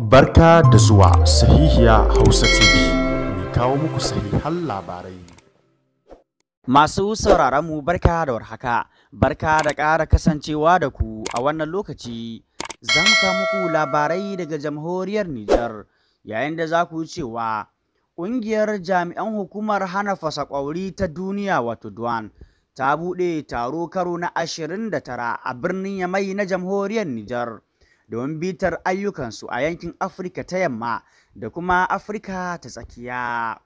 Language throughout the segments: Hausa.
Barka da zuwa sahihiya Hausa TV, mai kawo muku sahihan labarai. Masu sauraronmu barka da warhaka, barka da ƙara kasancewa da ku a wannan lokaci, za mu kawo muku labarai daga jamhuriyar Nijar, yayin da za ku cewa ƙungiyar jami'an hukumar hana fasakwauri ta duniya wato duan ta buɗe taro karo na 29 a birnin Yamai na jamhuriyar Nijar. Don bitar ayyukansu a yankin Afirka ta yamma da kuma Afirka ta tsakiya.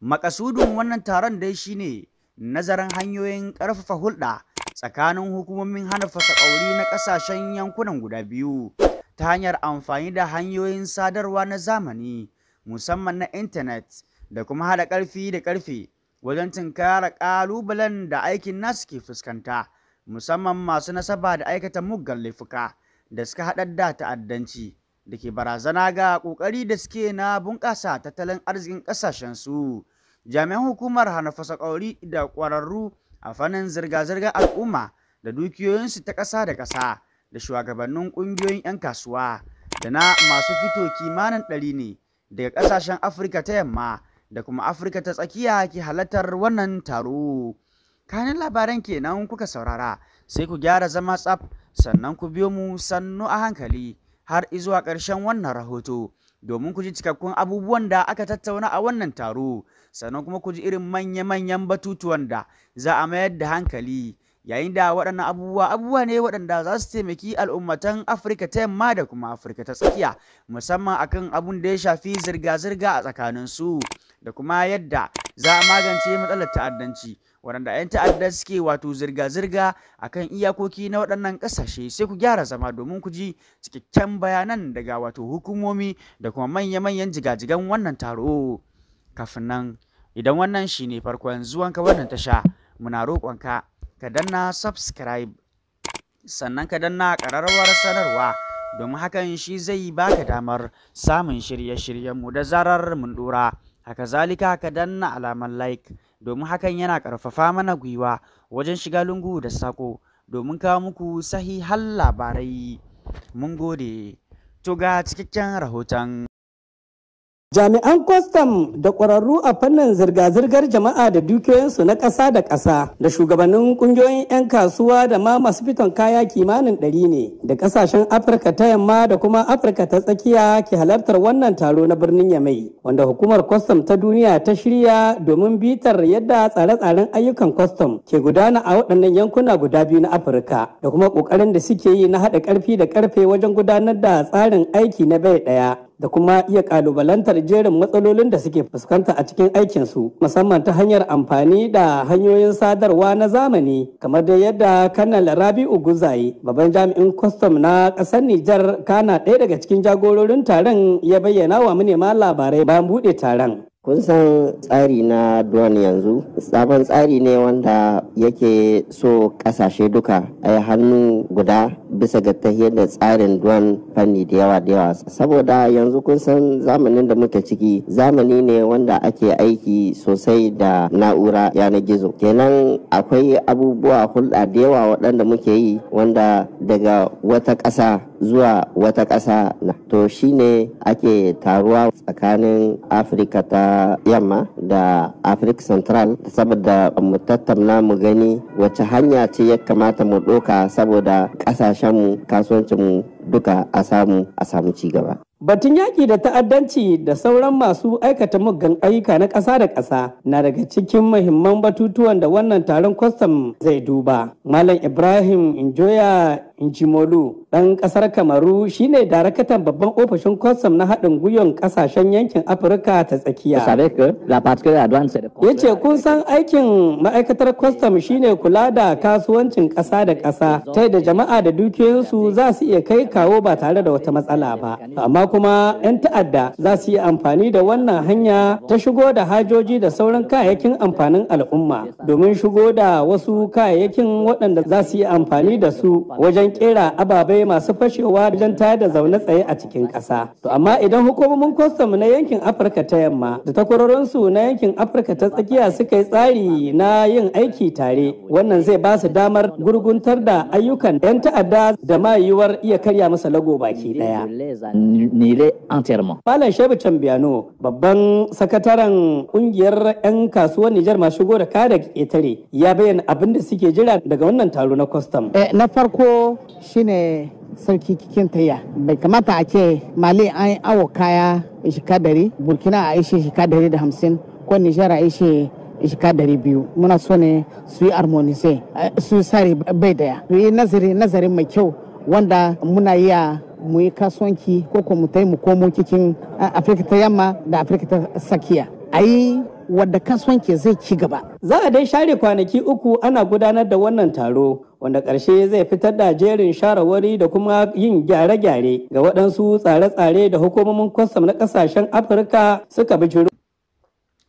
Makasudun wannan taron dai shine nazarin hanyoyin ƙarfafa hulɗa tsakanin hukumomin hana ƙauri na ƙasashen yankunan guda biyu ta hanyar amfani da hanyoyin sadarwa na zamani musamman na intanet da kuma haɗa ƙarfi da ƙarfe wajen tunkara ƙalubalen da aikin nasu ke fuskanta musamman masu nasaba da aikata muggan laifuka. da suka haɗar da ta'addanci da ke barazana ga ƙoƙari da suke na bunƙasa tattalin arzikin su. Jami'an hukumar hana fasakauri da ƙwararru a fannin zirga-zirgar al'umma da dukiyoyinsu ta ƙasa da ƙasa da shugabannin ƙungiyoyin 'yan kasuwa da na masu fito kimanin ɗari ne daga ƙasashen Afirka ta yamma da kuma Afirka ta tsakiya ke halartar wannan taro. Kanin labaran kenan kuka saurara sai ku gyara zama tsaf sannan ku biyo mu sannu a hankali har izuwa ƙarshen wannan rahoto domin ku ji cikakkun abubuwan da aka tattauna a wannan taro sannan kuma ku ji irin manya-manyan batutuwan da za a mayar da hankali yayin da waɗannan abubuwa abubuwa ne waɗanda za su taimaki al'ummatan afirka ta yamma da kuma afirka ta tsakiya musamman akan abun da ya shafi zirga-zirga a tsakaninsu da kuma yadda za a magance matsalar ta'addanci waɗanda 'yan ta'adda suke wato zirga-zirga a kan iyakoki na waɗannan ƙasashe sai ku gyara zama domin ku ji cikakken bayanan daga wato hukumomi da kuma manya-manyan jigajigan wannan taro kafin nan idan wannan shine farkon zuwanka wannan tasha muna roƙonka ka danna subscribe sannan ka danna ƙararrawar sanarwa domin hakan shi zai baka damar samun shirye-shiryenmu da zarar mun ɗora haka zalika ka danna alamar like domin hakan yana ƙarfafa mana gwiwa wajen shiga lungu da saƙo domin kawo muku sahihan labarai. Mun gode. To ga cikakken rahoton. Jami'an kwastam da ƙwararru a fannin zirga-zirgar jama'a da dukiyoyinsu na ƙasa da ƙasa da shugabannin ƙungiyoyin 'yan kasuwa da ma masu fiton kaya kimanin ɗari ne da ƙasashen Afirka ta yamma da kuma Afirka ta tsakiya ke halartar wannan taro na birnin Yamai wanda hukumar kwastam ta duniya ta shirya domin bitar yadda tsare-tsaren ayyukan kwastam ke gudana a waɗannan yankuna guda biyu na Afirka da kuma ƙoƙarin da suke yi na haɗa ƙarfi da ƙarfe wajen gudanar da tsarin aiki na bai ɗaya da kuma iya kalubalantar jerin matsalolin da suke fuskanta a cikin aikinsu musamman ta hanyar amfani da hanyoyin sadarwa na zamani kamar da yadda kanal rabi'u guzaye babban jami'in kwastam na ƙasar nijar kana ɗaya daga cikin jagororin taron ya bayyana wa manema labarai bayan buɗe taron kun san tsari na duwan yanzu sabon tsari ne wanda yake so ƙasashe duka a hannu guda bisa ga tahiyar da tsarin duwan fanni da yawa da yawa saboda yanzu kun san zamanin da muke ciki zamani ne wanda ake aiki sosai da na'ura yanar gizo kenan akwai abubuwa hulɗa da yawa waɗanda muke yi wanda daga wata ƙasa zuwa wata ƙasa na to shine ake taruwa tsakanin afirka ta yamma da afirka central saboda mu tattauna mu gani wace hanya ce ya kamata mu ɗoka saboda ƙasashe kasashenmu kasuwancinmu duka a samu a samu ci gaba. Batun yaƙi da ta'addanci da sauran masu aikata muggan ayyuka na ƙasa da ƙasa na daga cikin mahimman batutuwan da wannan taron kwastam zai duba. Malam Ibrahim Injoya Injimolu ɗan ƙasar Kamaru shine darakatan babban ofishin kwastam na haɗin gwiwan ƙasashen yankin Afirka ta tsakiya. Ya ce kun san aikin ma'aikatar kwastam shine kula da kasuwancin ƙasa da ƙasa ta da jama'a da dukiyoyinsu za su iya kai kawo ba tare da wata matsala ba. Amma kuma 'yan ta'adda za su yi amfani da wannan hanya ta shigo da hajoji da sauran kayayyakin amfanin al'umma domin shigo da wasu kayayyakin waɗanda za su yi amfani da su wajen wajen kera ababai masu fashewa wajen tayar da zaune tsaye a cikin ƙasa. To amma idan hukumomin kwastam na yankin Afirka ta yamma da takwarorinsu na yankin Afirka ta tsakiya suka yi tsari na yin aiki tare wannan zai ba su damar gurguntar da ayyukan 'yan ta'adda da ma yiwuwar iya karya masa lago baki daya. Falan Shehu Tambiano babban sakataren kungiyar 'yan kasuwar Nijar masu shigo da kada tare ya bayyana abin da suke jira daga wannan taro na kwastam. Eh, na farko shine sarki kikin taya bai kamata a ce mali an yi awo kaya ishika dari burkina a ishe ishika dari da hamsin ko nijar a ishe ishika dari biyu muna so ne su yi armonise su sare bai daya su yi nazari nazari mai kyau wanda muna iya mu yi kasuwanci ko ko mu mu kikin afirka ta yamma da afirka ta tsakiya a yi wadda kasuwanci zai ci gaba. Za a dai share kwanaki uku ana gudanar da wannan taro wanda ƙarshe zai fitar da jerin sharawari da kuma yin gyare-gyare ga waɗansu tsare-tsare da hukumomin kwastam na ƙasashen Afirka suka bi jiru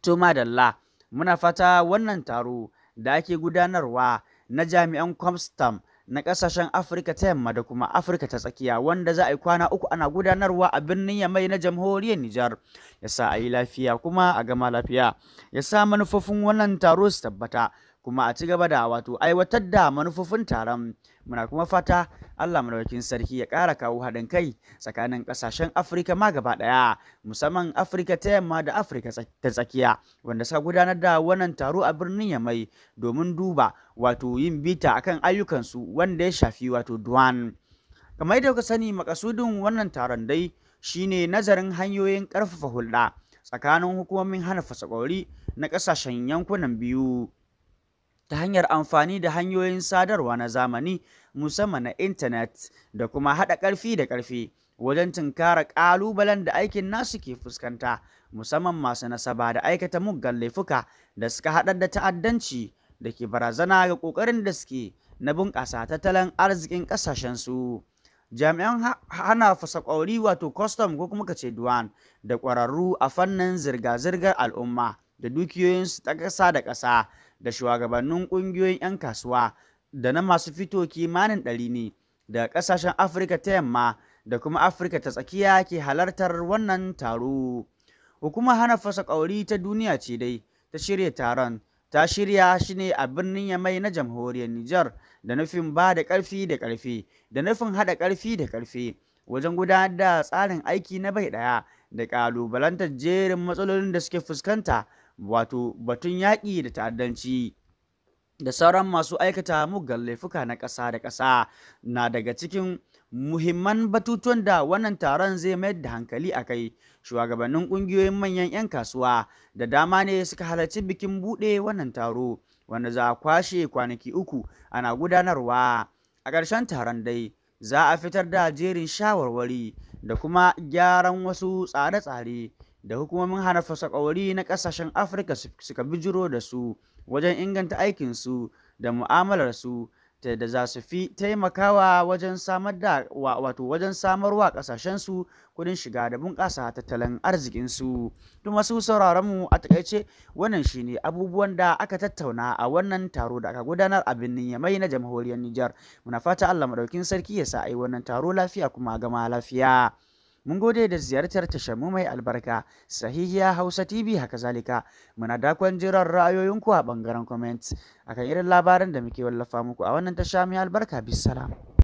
to Dalla, muna fata wannan taro da ake gudanarwa na jami'an kwastam na kasashen Afirka ta yamma da kuma Afirka ta tsakiya wanda za a yi kwana uku ana gudanarwa a birnin Yamai na jamhuriyar Nijar ya sa a yi lafiya kuma a gama lafiya ya sa manufofin wannan taro su tabbata kuma a ci gaba da wato aiwatar da manufofin taron muna kuma fata Allah madaukakin sarki ya ƙara kawo haɗin kai tsakanin ƙasashen Afirka ma gaba ɗaya musamman Afirka ta yamma da Afirka ta tsakiya wanda suka gudanar da wannan taro a birnin Yamai domin duba wato yin bita akan ayyukansu wanda ya shafi wato Duwan. Kamar yadda kuka sani makasudin wannan taron dai shine nazarin hanyoyin ƙarfafa hulɗa tsakanin hukumomin hana fasakori na ƙasashen yankunan biyu. ta hanyar amfani da hanyoyin sadarwa na zamani musamman na intanet da kuma haɗa ƙarfi da ƙarfi wajen tunkara ƙalubalen da aikin nasu ke fuskanta musamman masu nasaba da aikata muggan laifuka da suka haɗar da ta'addanci da ke barazana ga ƙoƙarin da suke na bunƙasa tattalin arzikin ƙasashensu. jami'an hana fasakwauri wato custom ko kuma kace duwan da ƙwararru a fannin zirga-zirgar al'umma da dukiyoyinsu ta ƙasa da ƙasa da shugabannin ƙungiyoyin 'yan kasuwa da na masu fito kimanin ɗari ne da ƙasashen afirka ta yamma da kuma afirka ta tsakiya ke halartar wannan taro hukumar hana fasa ƙauri ta duniya ce dai ta shirya taron ta shirya shi ne a birnin yamai na jamhuriyar nijar da nufin ba da ƙarfi da ƙarfi da nufin haɗa ƙarfi da ƙarfi wajen gudanar da tsarin aiki na bai ɗaya da ƙalubalantar jerin matsalolin da suke fuskanta wato batun yaƙi da ta'addanci da sauran masu aikata muggan laifuka na ƙasa da ƙasa na daga cikin muhimman batutuwan da wannan taron zai mayar da hankali a kai shugabannin ƙungiyoyin manyan 'yan kasuwa da dama ne suka halarci bikin buɗe wannan taro wanda za a kwashe kwanaki uku ana gudanarwa a ƙarshen taron dai za a fitar da jerin shawarwari da kuma gyaran wasu tsare-tsare da hukumomin hana fasakawari na kasashen afirka suka bijiro da su wajen inganta aikinsu da mu'amalarsu ta da za su fi taimakawa wajen samar da wato wajen samarwa su kudin shiga da bunƙasa tattalin arzikinsu to masu sauraron mu a takaice wannan shine abubuwan da aka tattauna a wannan taro da aka gudanar a birnin yamai na jamhuriyar Nijar muna fata Allah madaukin sarki ya sa ai wannan taro lafiya kuma gama lafiya Mun gode da ziyartar shamu mai albarka, sahihiya Hausa TV haka zalika. Muna dakon jiran ra'ayoyinku a ɓangaren comments akan irin labaran da muke wallafa muku a wannan tasha mai albarka bisalam.